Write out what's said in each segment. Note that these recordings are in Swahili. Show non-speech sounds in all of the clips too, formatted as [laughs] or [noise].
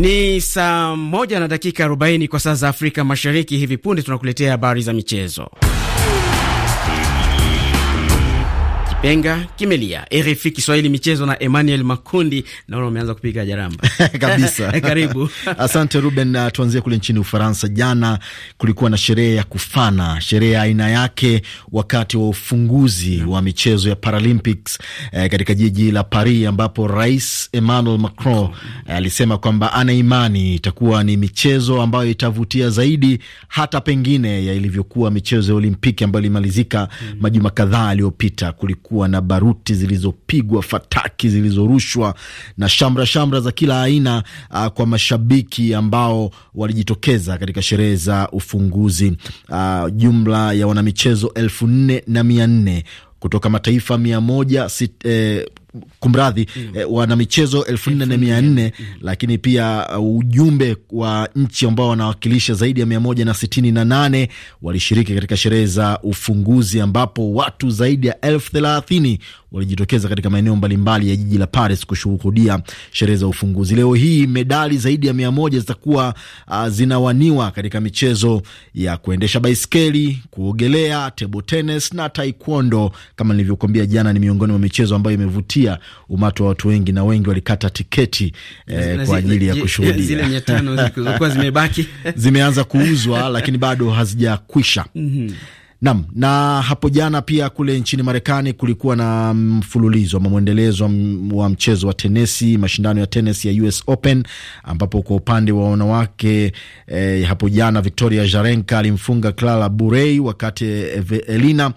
Ni saa moja na dakika 40 kwa saa za Afrika Mashariki. Hivi punde tunakuletea habari za michezo. Benga kimelia. RFI Kiswahili michezo na Emmanuel Makundi, naona umeanza kupiga jaramba [laughs] kabisa. [laughs] Karibu. [laughs] Asante Ruben. Uh, tuanzie kule nchini Ufaransa. Jana kulikuwa na sherehe ya kufana, sherehe ya aina yake wakati wa ufunguzi wa michezo ya Paralympics eh, katika jiji la Paris, ambapo Rais Emmanuel Macron alisema eh, kwamba ana imani itakuwa ni michezo ambayo itavutia zaidi hata pengine ya ilivyokuwa michezo ya Olimpiki ambayo ilimalizika mm. majuma kadhaa aliyopita kulikuwa kulikuwa na baruti zilizopigwa, fataki zilizorushwa na shamra shamra za kila aina uh, kwa mashabiki ambao walijitokeza katika sherehe za ufunguzi. Uh, jumla ya wanamichezo elfu nne na mia nne kutoka mataifa mia moja sit, eh, kumradhi mm. eh, wana michezo elfu nne na mia nne mm. lakini pia uh, ujumbe wa nchi ambao wanawakilisha zaidi ya mia moja na sitini na nane walishiriki katika sherehe za ufunguzi ambapo watu zaidi ya elfu thelathini walijitokeza katika maeneo mbalimbali ya jiji la Paris kushuhudia sherehe za ufunguzi. Leo hii medali zaidi ya mia moja zitakuwa uh, zinawaniwa katika michezo ya kuendesha baiskeli, kuogelea, table tennis na taekwondo. Kama nilivyokuambia jana, ni miongoni mwa michezo ambayo imevutia kuvutia umati wa watu wengi, na wengi walikata tiketi eh, kwa ajili ya kushuhudia. Zile mia tano [laughs] zilizokuwa zimebaki [laughs] zimeanza kuuzwa lakini bado hazijakwisha. mm -hmm. Nam, na hapo jana pia kule nchini Marekani kulikuwa na mfululizo ama mwendelezo wa mchezo wa tenesi, mashindano ya tenesi ya US Open, ambapo kwa upande wa wanawake eh, hapo jana Victoria Jarenka alimfunga Clara Burey, wakati Elina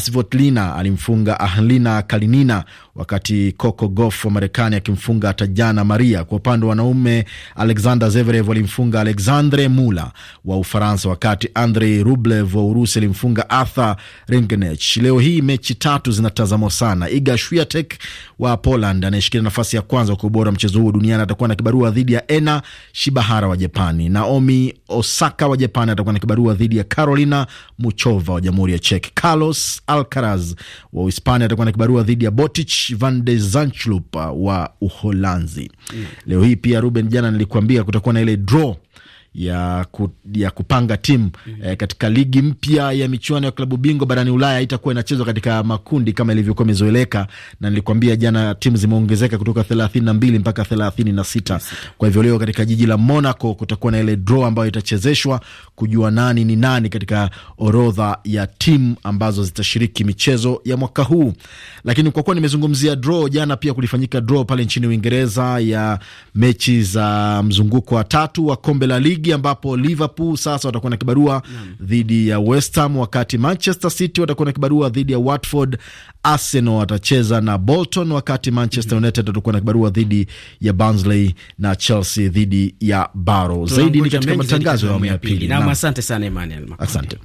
Svitlina alimfunga Ahlina Kalinina, wakati Coco Gauff wa Marekani akimfunga Tajana Maria. Kwa upande wa wanaume, Alexander Zverev alimfunga Alexandre Mula wa Ufaransa, wakati Andrei Rublev wa Urusi alimfunga Arthur Ringnech. Leo hii mechi tatu zinatazamwa sana. Iga Swiatek wa Poland anayeshikilia nafasi ya kwanza kwa ubora mchezo huu duniani atakuwa na kibarua dhidi ya Ena Shibahara wa Japani. Naomi Osaka wa Japani atakuwa na kibarua dhidi ya Carolina Muchova wa Jamhuri ya Chek. Carlos Alcaraz wa Uhispania atakuwa na kibarua dhidi ya Botich van de zanchlup uh, wa Uholanzi. Mm. Leo hii pia Ruben, jana nilikuambia kutakuwa na ile draw ya, ku, ya kupanga timu mm -hmm. eh, katika ligi mpya ya michuano ya klabu bingwa barani Ulaya itakuwa inachezwa katika makundi kama ilivyokuwa imezoeleka, na nilikwambia jana timu zimeongezeka kutoka thelathini na mbili mpaka thelathini na sita yes. Kwa hivyo leo katika jiji la Monaco kutakuwa na ile draw ambayo itachezeshwa kujua nani ni nani katika orodha ya timu ambazo zitashiriki michezo ya mwaka huu. Lakini kwa kuwa nimezungumzia draw, jana pia kulifanyika draw pale nchini Uingereza ya mechi za mzunguko wa tatu wa kombe la ligi ligi ambapo Liverpool sasa watakuwa na kibarua dhidi ya West Ham, wakati Manchester City watakuwa na kibarua dhidi ya Watford. Arsenal watacheza na Bolton, wakati Manchester mhm. United watakuwa na kibarua dhidi ya Barnsley na Chelsea dhidi ya Barrow. Zaidi ni katika matangazo ya awamu ya pili. asante sana Emmanuel. Asante.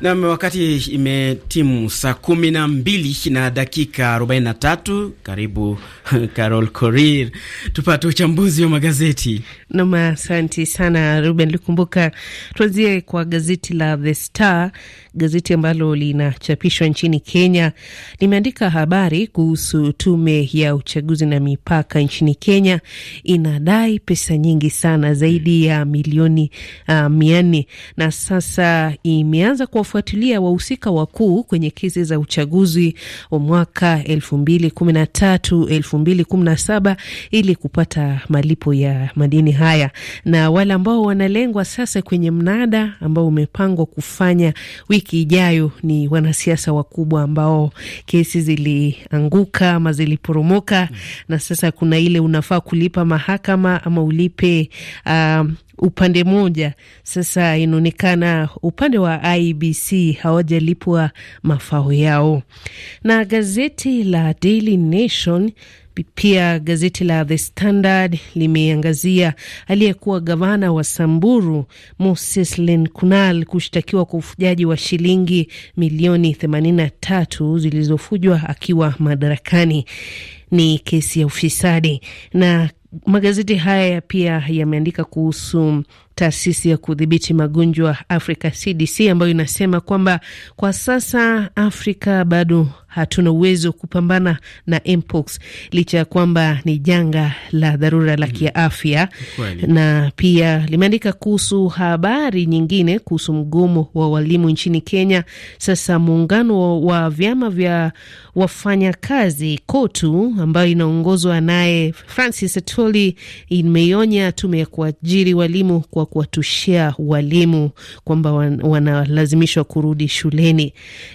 Nam, wakati imetimu saa kumi na mbili na dakika tatu. Karibu [laughs] Carol Korir, tupate uchambuzi wa magazeti. Nam, asante sana Ruben Likumbuka. Tuanzie kwa gazeti la The Star, gazeti ambalo linachapishwa nchini Kenya. Limeandika habari kuhusu tume ya uchaguzi na mipaka nchini Kenya inadai pesa nyingi sana zaidi ya milioni uh, mia nne na sasa imeanza kwa kuwafuatilia wahusika wakuu kwenye kesi za uchaguzi wa mwaka 2013 2017 ili kupata malipo ya madini haya, na wale ambao wanalengwa sasa kwenye mnada ambao umepangwa kufanya wiki ijayo ni wanasiasa wakubwa ambao kesi zilianguka ama ziliporomoka, mm. na sasa kuna ile unafaa kulipa mahakama ama ulipe um, upande mmoja. Sasa inaonekana upande wa IBC hawajalipwa mafao yao. Na gazeti la Daily Nation pia gazeti la The Standard limeangazia aliyekuwa gavana wa Samburu Moses Lenkunal kushtakiwa kwa ufujaji wa shilingi milioni 83 zilizofujwa akiwa madarakani. Ni kesi ya ufisadi na Magazeti haya pia yameandika kuhusu taasisi ya kudhibiti magonjwa Afrika CDC, ambayo inasema kwamba kwa sasa Afrika bado hatuna uwezo wa kupambana na mpox licha ya kwamba ni janga la dharura la mm. kiafya. Na pia limeandika kuhusu habari nyingine kuhusu mgomo wa walimu nchini Kenya. Sasa muungano wa vyama vya wafanyakazi KOTU ambayo inaongozwa naye Francis Atoli imeionya tume ya kuajiri walimu kwa kwa kuwatushia walimu kwamba wanalazimishwa kurudi shuleni.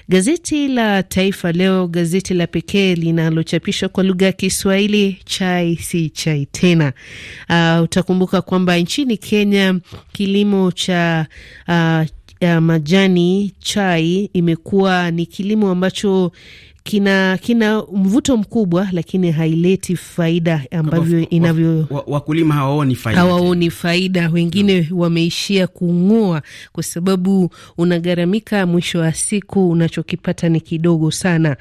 Gazeti la Taifa Leo, gazeti la pekee linalochapishwa kwa lugha ya Kiswahili, chai si chai tena. Uh, utakumbuka kwamba nchini Kenya kilimo cha uh, ya majani chai imekuwa ni kilimo ambacho kina kina mvuto mkubwa, lakini haileti faida ambavyo inavyo. Wakulima hawaoni faida, hawaoni faida, wengine no. wameishia kung'oa, kwa sababu unagharamika, mwisho wa siku unachokipata ni kidogo sana.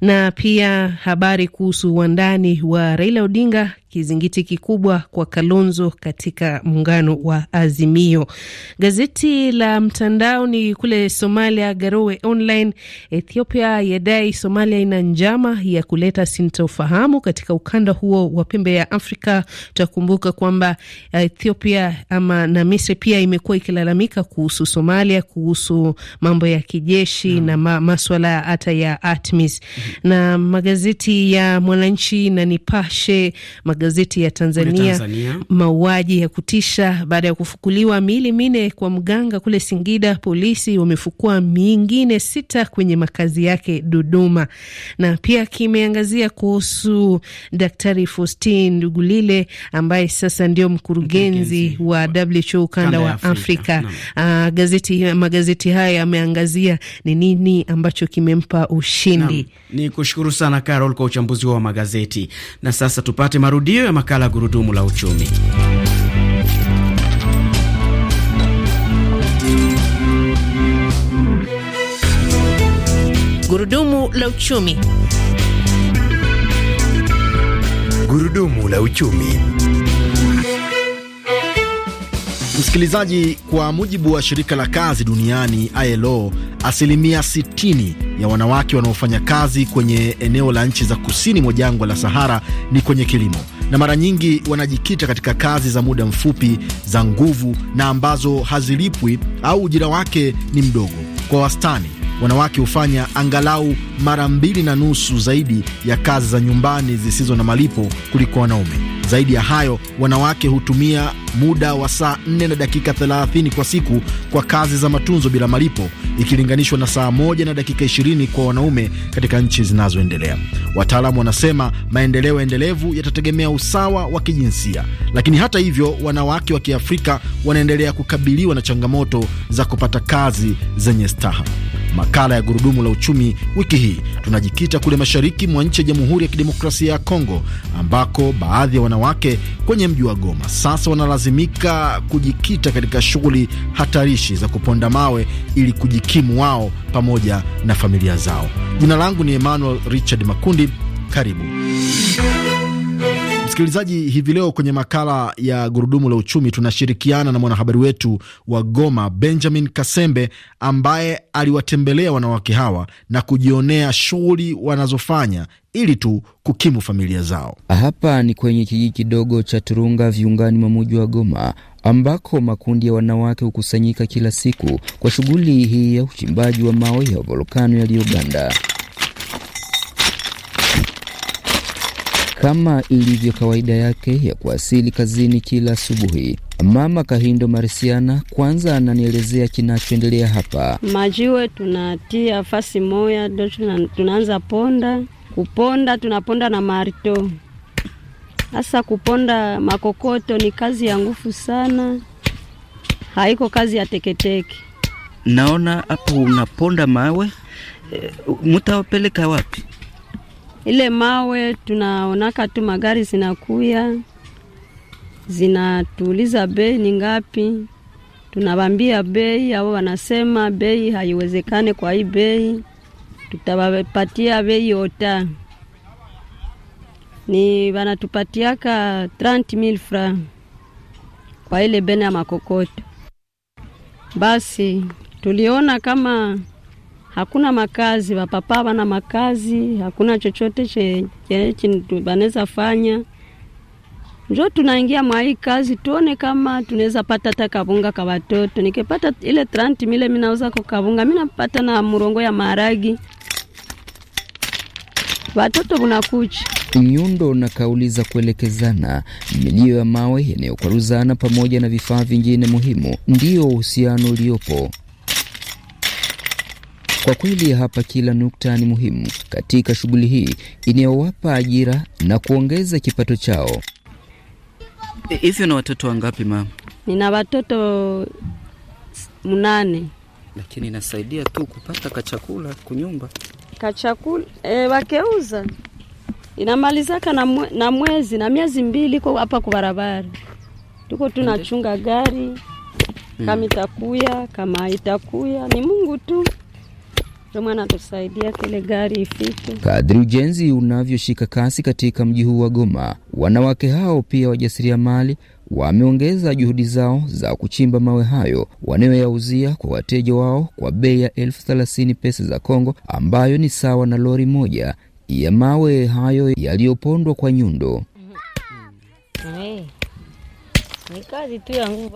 Na pia habari kuhusu wandani wa Raila Odinga kizingiti kikubwa kwa Kalonzo katika muungano wa Azimio. Gazeti la mtandao ni kule Somalia, Garowe Online, Ethiopia yadai Somalia ina njama ya kuleta sintofahamu katika ukanda huo wa pembe ya Afrika. Tutakumbuka kwamba Ethiopia ama na Misri pia imekuwa ikilalamika kuhusu Somalia, kuhusu mambo ya kijeshi na, ma maswala hata ya ATMIS na magazeti ya Mwananchi na Nipashe maga magazeti ya Tanzania, Tanzania. Mauaji ya kutisha baada ya kufukuliwa miili mine kwa mganga kule Singida. Polisi wamefukua mingine sita kwenye makazi yake Dodoma, na pia kimeangazia kuhusu Daktari Faustin Ndugulile ambaye sasa ndio mkurugenzi wa WHO ukanda wa Afrika. Afrika. Uh, gazeti, magazeti haya yameangazia ni nini ambacho kimempa ushindi. Ni kushukuru sana Carol kwa uchambuzi wa magazeti na sasa tupate marudi Ndiyo ya makala Gurudumu la Uchumi. Gurudumu la Uchumi. Gurudumu la Uchumi. Msikilizaji, kwa mujibu wa shirika la kazi duniani ILO, asilimia 60 ya wanawake wanaofanya kazi kwenye eneo la nchi za kusini mwa jangwa la Sahara ni kwenye kilimo, na mara nyingi wanajikita katika kazi za muda mfupi za nguvu na ambazo hazilipwi au ujira wake ni mdogo. Kwa wastani wanawake hufanya angalau mara mbili na nusu zaidi ya kazi za nyumbani zisizo na malipo kuliko wanaume. Zaidi ya hayo, wanawake hutumia muda wa saa 4 na dakika 30 kwa siku kwa kazi za matunzo bila malipo ikilinganishwa na saa moja na dakika 20 kwa wanaume katika nchi zinazoendelea. Wataalamu wanasema maendeleo endelevu yatategemea usawa wa kijinsia, lakini hata hivyo, wanawake wa Kiafrika wanaendelea kukabiliwa na changamoto za kupata kazi zenye staha. Makala ya gurudumu la uchumi wiki hii tunajikita kule mashariki mwa nchi ya Jamhuri ya Kidemokrasia ya Kongo, ambako baadhi ya wanawake kwenye mji wa Goma sasa wanalazimika kujikita katika shughuli hatarishi za kuponda mawe ili kujikimu wao pamoja na familia zao. Jina langu ni Emmanuel Richard Makundi, karibu Msikilizaji, hivi leo kwenye makala ya gurudumu la uchumi tunashirikiana na mwanahabari wetu wa Goma Benjamin Kasembe ambaye aliwatembelea wanawake hawa na kujionea shughuli wanazofanya ili tu kukimu familia zao. Hapa ni kwenye kijiji kidogo cha Turunga viungani mwa muji wa Goma ambako makundi ya wanawake hukusanyika kila siku kwa shughuli hii ya uchimbaji wa mawe ya volkano yaliyoganda. Kama ilivyo kawaida yake ya kuwasili kazini kila asubuhi, Mama Kahindo Marisiana kwanza ananielezea kinachoendelea hapa. Majiwe tunatia fasi moya, ndo tunaanza ponda kuponda, tunaponda na marito. hasa kuponda makokoto ni kazi ya nguvu sana, haiko kazi ya teketeke. Naona hapo unaponda mawe, eh, mutawapeleka wapi? ile mawe tunaonaka tu magari zinakuya zinatuuliza bei ni ngapi, tunawambia bei, au wanasema bei haiwezekane. Kwa hii bei tutawapatia bei ota, ni wanatupatiaka 30000 fra kwa ile bene ya makokoto. Basi tuliona kama hakuna makazi, wapapa wana makazi, hakuna chochote chenye wanaweza fanya. Njo tunaingia mwa hii kazi tuone kama tunaweza pata hata kavunga ka watoto. Nikipata ile tranti mile minauza kwa kavunga, mimi napata na murongo ya maragi, watoto bunakucha nyundo na kauli za kuelekezana, milio ya mawe yanayokwaruzana, pamoja na vifaa vingine muhimu, ndio uhusiano uliopo kwa kweli hapa kila nukta ni muhimu katika shughuli hii inayowapa ajira na kuongeza kipato chao. Hivyo na watoto wangapi mama? Nina watoto mnane. Lakini inasaidia tu kupata kachakula kunyumba, kachakula e, wakeuza inamalizaka na, mwe, na mwezi na miezi mbili iko hapa kubarabara barabara, tuko tunachunga gari kama hmm. itakuya kama itakuya, ni Mungu tu ndio maana atusaidia kile gari ifike. Kadri ujenzi unavyoshika kasi katika mji huu wa Goma, wanawake hao pia wajasiriamali wameongeza juhudi zao za kuchimba mawe hayo wanayoyauzia kwa wateja wao kwa bei ya elfu thelathini pesa za Kongo, ambayo ni sawa na lori moja ya mawe hayo yaliyopondwa kwa nyundo. Eh,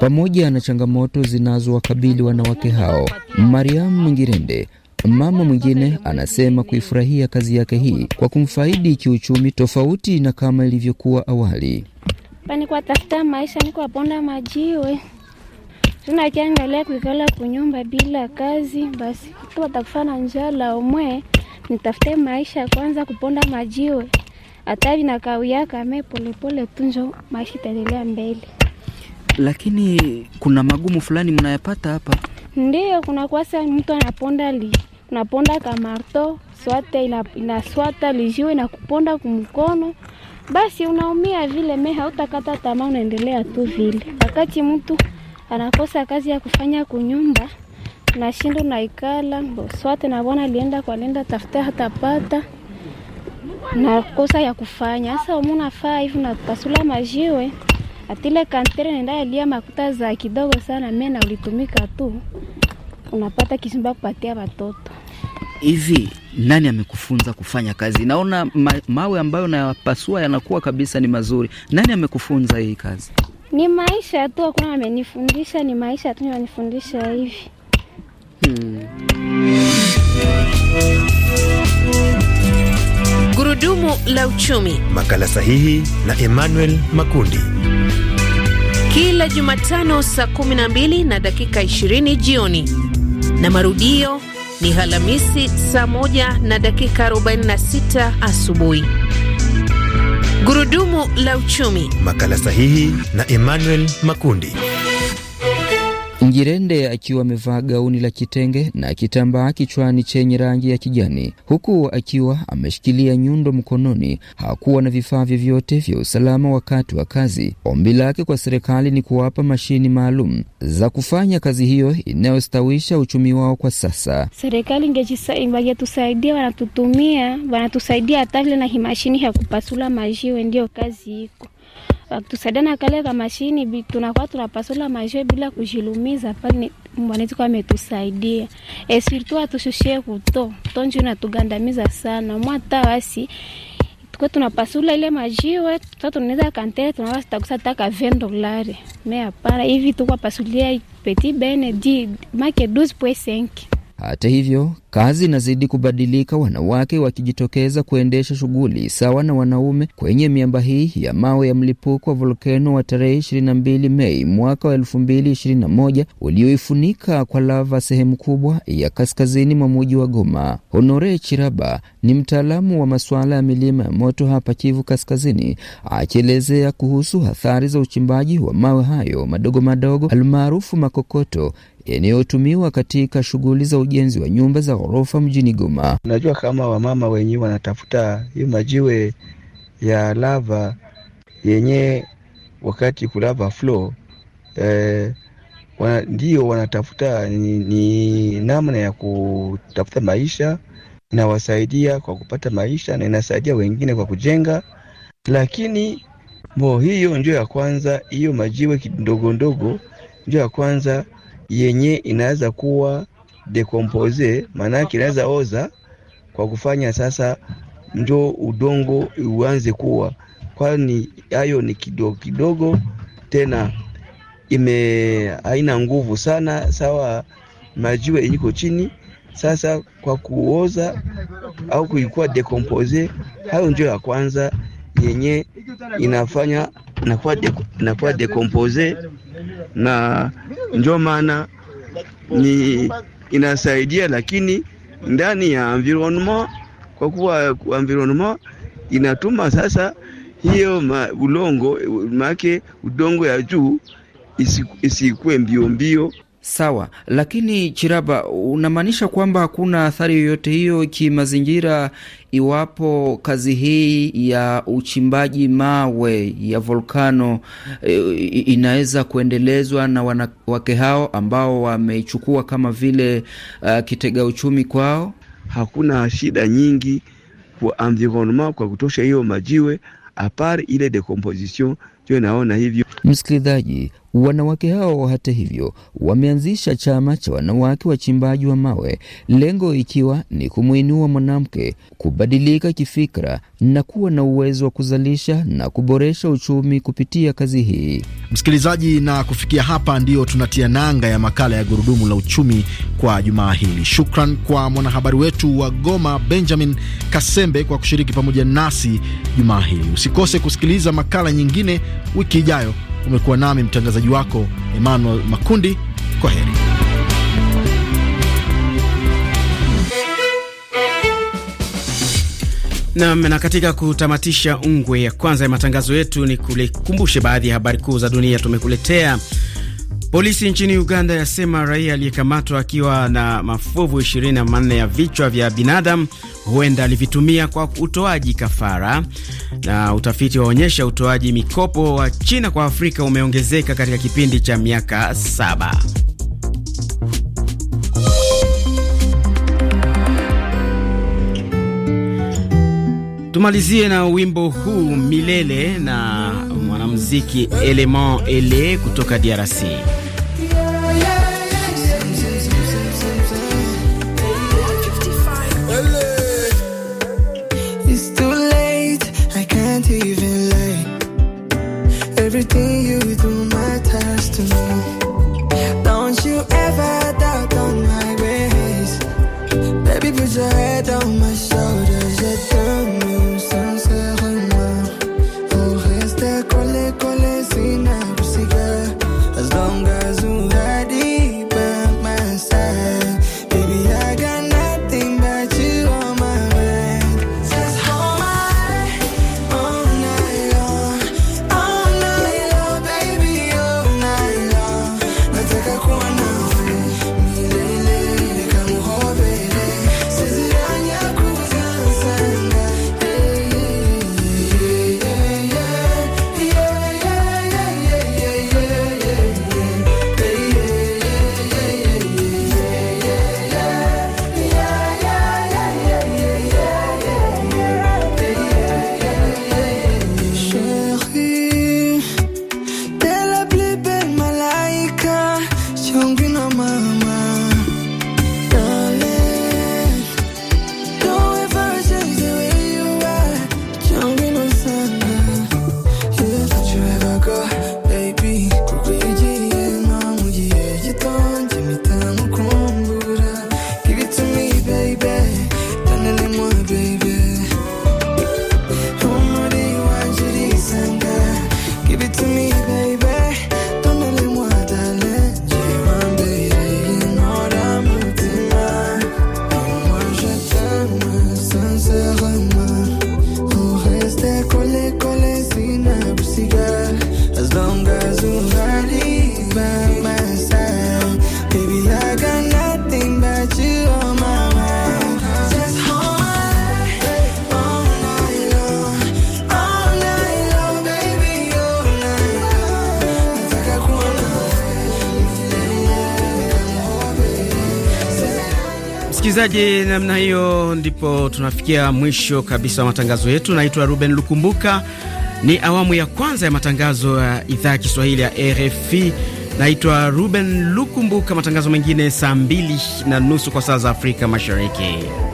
Pamoja na changamoto zinazowakabili wanawake hao, Mariamu Ngirende Mama mwingine anasema kuifurahia kazi yake hii kwa kumfaidi kiuchumi, tofauti na kama ilivyokuwa awali. Panikuwa tafuta maisha, nikuwa ponda majiwe tunakiangalia kuikala kunyumba bila kazi, basi tuwatakufa na njaa la umwe. Nitafute maisha kwanza, kuponda majiwe na vinakawiyaka ame polepole tunjo, maisha itaendelea mbele. Lakini kuna magumu fulani mnayapata hapa ndio, kuna kwasa mtu anaponda li naponda kamarto swate ina, inaswata na kuponda kumkono, basi unaumia vile me, hautakata tamaa, unaendelea tu vile. Wakati mtu anakosa kazi ya kufanya kunyumba, nashindu unaikala swate na bwana alienda kwa lenda tafuta hatapata na kosa ya kufanya. Sasa umunafaa hivi natasula majiwe atile kantere nenda lia makuta za kidogo sana, mimi na ulitumika tu, unapata kisimba kupatia watoto hivi. Nani amekufunza kufanya kazi? Naona ma mawe ambayo nayapasua yanakuwa kabisa ni mazuri. Nani amekufunza hii kazi? Ni maisha tu, akuna amenifundisha, ni maisha tu yanifundisha hivi. Hmm. Gurudumu la uchumi, makala sahihi na Emmanuel Makundi kila Jumatano saa 12 na dakika 20 jioni na marudio ni Alhamisi saa 1 na dakika 46 asubuhi. Gurudumu la uchumi, makala sahihi na Emmanuel Makundi. Njirende akiwa amevaa gauni la kitenge na kitambaa kichwani chenye rangi ya kijani, huku akiwa ameshikilia nyundo mkononi. Hakuwa na vifaa vyovyote vya usalama wakati wa kazi. Ombi lake kwa serikali ni kuwapa mashini maalum za kufanya kazi hiyo inayostawisha uchumi wao kwa sasa. Serikali ingetusaidia, wanatutumia, wanatusaidia hata vile na himashini ya kupasula majiwe, ndiyo kazi iko watusaidiana euh, kale ka mashini, tunakuwa tunapasula mashe bila kujilumiza, pale mwaneziko ametusaidia esirtu atushushie kuto tonju natugandamiza sana mwata wasi kwa tunapasula ile majiwe sasa tunaweza kantele tunaweza takusa taka 20 dolari. Mais hapana hivi tukwa pasulia petit bene di make 12.5 hata hivyo, kazi inazidi kubadilika, wanawake wakijitokeza kuendesha shughuli sawa na wanaume kwenye miamba hii ya mawe ya mlipuko wa volkeno wa tarehe 22 Mei mwaka wa 2021 ulioifunika kwa lava sehemu kubwa ya kaskazini mwa muji wa Goma. Honore Chiraba ni mtaalamu wa masuala ya milima ya moto hapa Kivu Kaskazini, akielezea kuhusu hathari za uchimbaji wa mawe hayo madogo madogo almaarufu makokoto yanayotumiwa katika shughuli za ujenzi wa nyumba za ghorofa mjini Goma. Unajua kama wamama wenyewe wanatafuta hiyo majiwe ya lava yenye wakati kulava floor eh, wana, ndio wanatafuta ni, ni namna ya kutafuta maisha, inawasaidia kwa kupata maisha na inasaidia wengine kwa kujenga, lakini mbo hiyo ndio ya kwanza, hiyo majiwe kidogo ndogo ndio ya kwanza yenye inaweza kuwa decompose, maanake inaweza oza kwa kufanya sasa njo udongo uanze kuwa, kwani hayo ni kidogo kidogo, tena ime haina nguvu sana, sawa majiwe iko chini. Sasa kwa kuoza au kuikuwa decompose, hayo ndio ya kwanza yenye inafanya nakuwa decompose na ndio maana ni inasaidia, lakini ndani ya environment, kwa kuwa environment inatuma sasa hiyo ma, ulongo make udongo ya juu isikue mbio mbio. Sawa, lakini Chiraba, unamaanisha kwamba hakuna athari yoyote hiyo kimazingira iwapo kazi hii ya uchimbaji mawe ya volkano e, inaweza kuendelezwa na wanawake hao ambao wameichukua kama vile uh, kitega uchumi kwao? Hakuna shida nyingi kwa environment kwa kutosha hiyo majiwe apar ile decomposition ndio naona hivyo, msikilizaji Wanawake hao hata hivyo wameanzisha chama cha wanawake wachimbaji wa mawe, lengo ikiwa ni kumwinua mwanamke kubadilika kifikra na kuwa na uwezo wa kuzalisha na kuboresha uchumi kupitia kazi hii. Msikilizaji, na kufikia hapa ndiyo tunatia nanga ya makala ya Gurudumu la Uchumi kwa jumaa hili. Shukran kwa mwanahabari wetu wa Goma Benjamin Kasembe kwa kushiriki pamoja nasi jumaa hili. Usikose kusikiliza makala nyingine wiki ijayo. Umekuwa nami mtangazaji wako Emmanuel Makundi. Kwa heri. Nam, na katika kutamatisha ungwe ya kwanza ya matangazo yetu, ni kulikumbushe baadhi ya habari kuu za dunia tumekuletea. Polisi nchini Uganda yasema raia aliyekamatwa akiwa na mafuvu 24 ya vichwa vya binadamu huenda alivitumia kwa utoaji kafara. Na utafiti waonyesha utoaji mikopo wa China kwa Afrika umeongezeka katika kipindi cha miaka saba. Tumalizie na wimbo huu milele na mwanamuziki Element Ele kutoka DRC. Everything you do matters to me. Don't you ever doubt on my ways. Baby, put your head on my shoulder Msikilizaji, namna hiyo ndipo tunafikia mwisho kabisa wa matangazo yetu. Naitwa Ruben Lukumbuka. Ni awamu ya kwanza ya matangazo ya idhaa ya Kiswahili ya RFI. Naitwa Ruben Lukumbuka. Matangazo mengine saa mbili na nusu kwa saa za Afrika Mashariki.